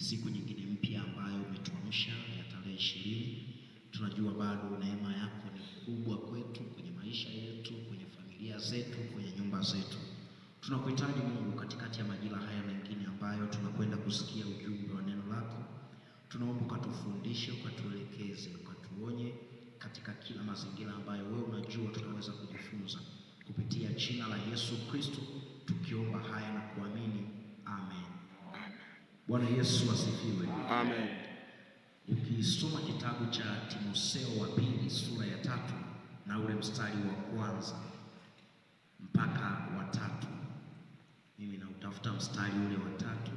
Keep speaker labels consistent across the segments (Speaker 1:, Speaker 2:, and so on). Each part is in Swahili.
Speaker 1: ni siku nyingine mpya ambayo umetuamsha ya tarehe ishirini. Tunajua bado neema yako ni kubwa kwetu, kwenye maisha yetu, kwenye familia zetu, kwenye nyumba zetu. Tunakuhitaji Mungu katikati ya majira haya mengine ambayo tunakwenda kusikia ujumbe wa neno lako. Tunaomba ukatufundishe, ukatuelekeze, ukatuonye katika kila mazingira ambayo wewe unajua tunaweza kujifunza kupitia jina la Yesu Kristo, tukiomba haya na kuamini Bwana Yesu asifiwe. Amen. Ukisoma kitabu cha Timotheo wa pili sura ya tatu na ule mstari wa kwanza mpaka wa tatu, mimi nautafuta mstari ule wa tatu.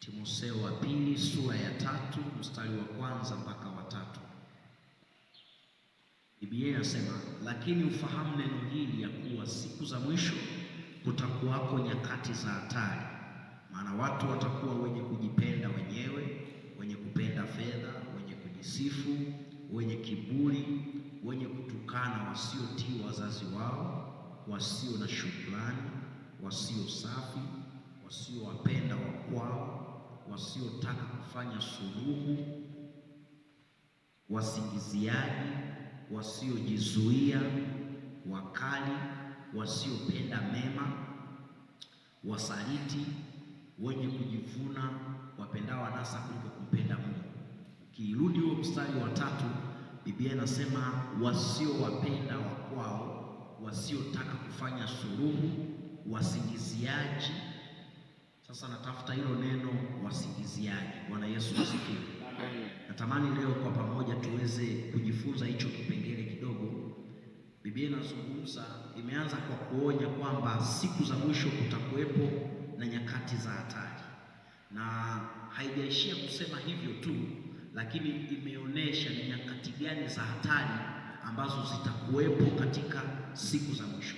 Speaker 1: Timotheo wa pili sura ya tatu mstari wa kwanza mpaka wa tatu. Biblia inasema, lakini ufahamu neno hili ya kuwa siku za mwisho kutakuwako nyakati za hatari maana watu watakuwa wenye kujipenda wenyewe, wenye kupenda fedha, wenye kujisifu, wenye kiburi, wenye kutukana, wasiotii wazazi wao, wasio na shukrani, wasio safi, wasiowapenda wakwao, wasiotaka kufanya suluhu, wasingiziaji, wasiojizuia, wakali, wasiopenda mema, wasaliti wenye kujivuna, wapendao anasa kuliko kumpenda Mungu. Ukirudi huo mstari wa tatu, Biblia inasema wasiowapenda wa kwao, wasiotaka kufanya suluhu, wasingiziaji. Sasa natafuta hilo neno wasingiziaji. Bwana Yesu asifiwe. Natamani leo kwa pamoja tuweze kujifunza hicho kipengele kidogo. Biblia inazungumza, imeanza kwa kuonya kwamba siku za mwisho kutakuwepo na nyakati za hatari, na haijaishia kusema hivyo tu, lakini imeonyesha ni nyakati gani za hatari ambazo zitakuwepo katika siku za mwisho.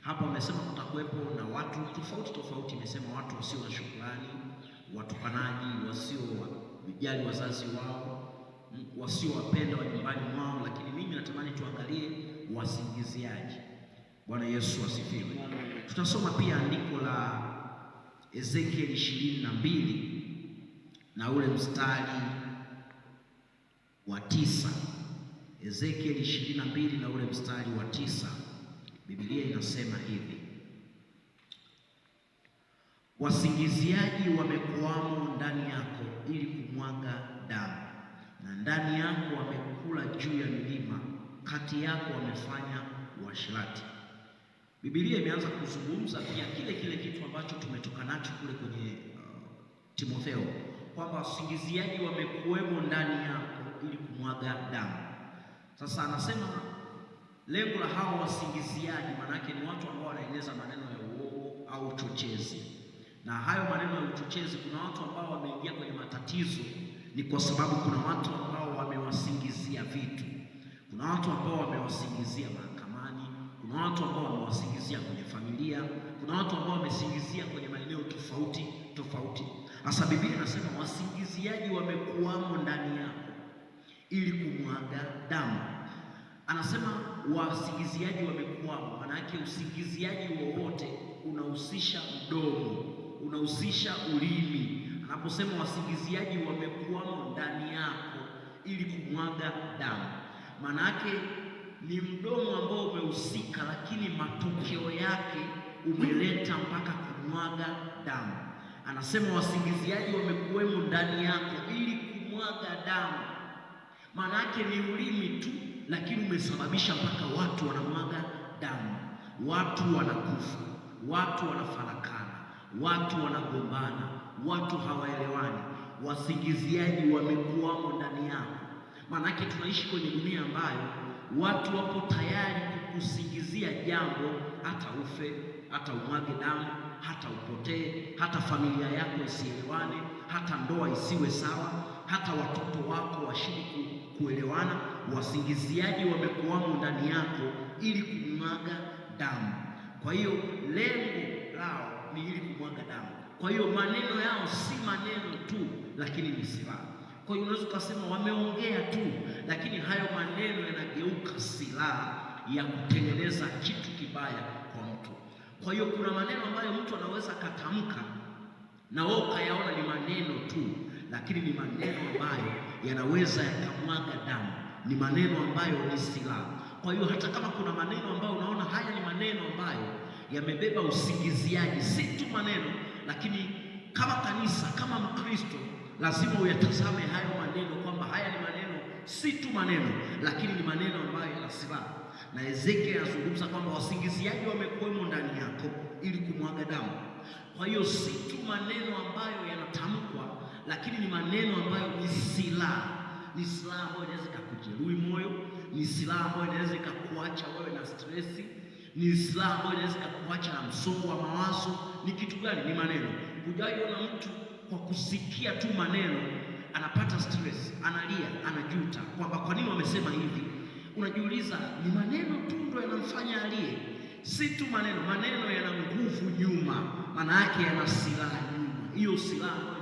Speaker 1: Hapa amesema kutakuwepo na watu tofauti tofauti, imesema watu wasio na shukrani, watukanaji, wasio vijali wazazi wao, wasiowapenda wa nyumbani mwao, lakini mimi natamani tuangalie wasingiziaji. Bwana Yesu asifiwe. Tutasoma pia andiko la Ezekiel ishirini na mbili na ule mstari wa tisa. Ezekiel ishirini na mbili na ule mstari wa tisa, Biblia inasema hivi: wasingiziaji wamekwamo ndani yako ili kumwaga damu, na ndani yako wamekula juu ya milima, kati yako wamefanya uasherati Biblia imeanza kuzungumza pia kile kile kitu ambacho tumetoka nacho kule kwenye uh, Timotheo kwamba wasingiziaji wamekuwemo ndani yako ili kumwaga damu. Sasa anasema lengo la hao wasingiziaji, maanake ni watu ambao wanaeleza maneno ya uongo au uchochezi, na hayo maneno ya uchochezi, kuna watu ambao wameingia kwenye matatizo ni kwa sababu kuna watu ambao wamewasingizia vitu, kuna watu ambao wamewasingizia wamesingizia kwenye familia, kuna watu ambao wamesingizia kwenye maeneo tofauti tofauti. Hasa Biblia inasema wasingiziaji wamekuwamo ndani yako ili kumwaga damu. Anasema wasingiziaji wamekuwamo, maana yake usingiziaji wowote unahusisha mdomo, unahusisha ulimi. Anaposema wasingiziaji wamekuwamo ndani yako ili kumwaga damu, maana yake ni mdomo ambao umehusika, lakini matokeo yake umeleta mpaka kumwaga damu. Anasema wasingiziaji wamekuwemo ndani yako ili kumwaga damu. Maana yake ni ulimi tu, lakini umesababisha mpaka watu wanamwaga damu, watu wanakufa, watu wanafarakana, watu wanagombana, watu hawaelewani. Wasingiziaji wamekuwamo ndani yako. Maana yake tunaishi kwenye dunia ambayo Watu wako tayari kukusingizia jambo, hata ufe, hata umwage damu, hata upotee, hata familia yako isielewane, hata ndoa isiwe sawa, hata watoto wako washidi kuelewana. Wasingiziaji wamekuwamo ndani yako ili kumwaga damu. Kwa hiyo lengo lao ni ili kumwaga damu. Kwa hiyo maneno yao si maneno tu, lakini ni silaha. Kwa hiyo unaweza ukasema wameongea tu, lakini hayo maneno yanageuka silaha ya kutengeneza kitu kibaya kwa mtu. Kwa hiyo kuna maneno ambayo mtu anaweza akatamka na wewe ukayaona ni maneno tu, lakini ni maneno ambayo yanaweza yakamwaga damu, ni maneno ambayo ni silaha. Kwa hiyo hata kama kuna maneno ambayo unaona haya ni maneno ambayo yamebeba usingiziaji, si tu maneno, lakini kama kanisa kama lazima uyatazame hayo maneno kwamba haya ni maneno, si tu maneno, lakini ni maneno ambayo yana silaha. Na Ezekiel anazungumza kwamba wasingiziaji wamekwemo ndani yako ili kumwaga damu. Kwa hiyo si tu maneno ambayo yanatamkwa, lakini ni maneno ambayo ni silaha ni silaha ambayo inaweza ikakujeruhi moyo, ni silaha ambayo inaweza ikakuacha wewe na stresi, ni silaha ambayo inaweza ikakuacha na msongo wa mawazo. Ni kitu gani? Ni maneno. Hujawahi ona mtu kwa kusikia tu maneno anapata stress, analia, anajuta kwamba kwa nini wamesema hivi. Unajiuliza, ni maneno tu ndo yanamfanya alie? Si tu maneno, maneno yana nguvu nyuma, maana yake yana silaha nyuma, hiyo silaha